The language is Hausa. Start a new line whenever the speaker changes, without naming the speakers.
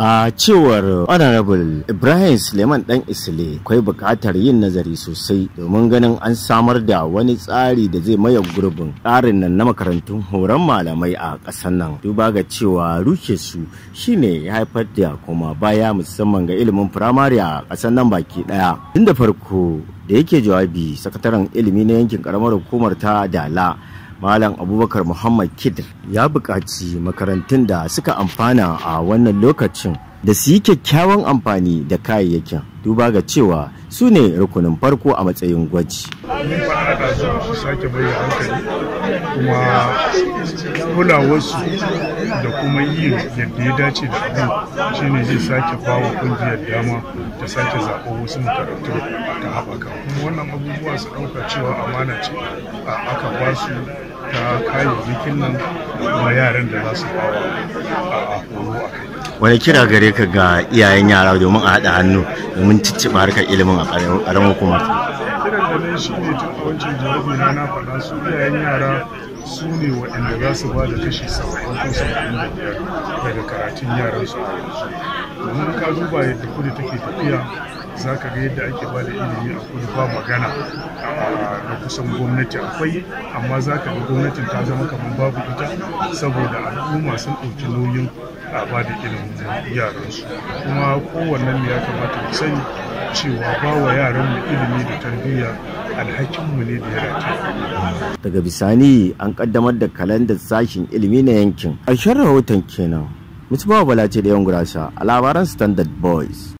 A cewar Honorable Ibrahim Suleiman Dan Isile" akwai buƙatar yin nazari sosai domin ganin an samar da wani tsari da zai maye gurbin tsarin nan na makarantun horon malamai a ƙasar nan. Duba ga cewa rushe su shine ya haifar da koma baya musamman ga ilimin firamare a ƙasar nan baki ɗaya. Tun da farko da yake jawabi sakataren ilimi na yankin ƙaramar hukumar ta Dala malam abubakar muhammad kidir ya buƙaci makarantun da suka amfana a wannan lokacin da su yi kyakkyawan amfani da kayayyakin duba ga cewa su ne rukunin farko a matsayin gwaji.
su sake hankali kuma kulawarsu da kuma yi yadda ya dace da abu shi ne zai sake bawa kungiyar dama ta sake zaɓo wasu makarantu ta haɓaka kuma wannan abubuwa su ɗauka cewa amana ce a aka ba su ta kayayyakin nan kuma yaran da za su kawo a horo a kai
wani kira gare ka ga iyayen yara domin a haɗa hannu domin cicciɓa harkar ilimin a ƙaramin hukumar
kiran da ne shi ne tun kawancin jawabi na na faɗa su iyayen yara su ne waɗanda za su ba da kashi saba'in ko saba'in da biyar daga karatun yaran su domin ka duba yadda kudi take tafiya za ka ga yadda ake ba da ilimi a kudu ba magana na kusan gwamnati akwai amma za ka ga gwamnatin ta zama kamar babu ita saboda al'umma sun ɗauki nauyin a ba da ilimin yaransu kuma ne ya kamata mu sani cewa ba wa yaran mu ilimi da tarbiyya alhakinmu ne da ta.
daga bisani an kaddamar da kalandar sashin ilimi na yankin ƙarshen rahoton kenan mutubawa bala ce da yan gurasa a labaran standard boys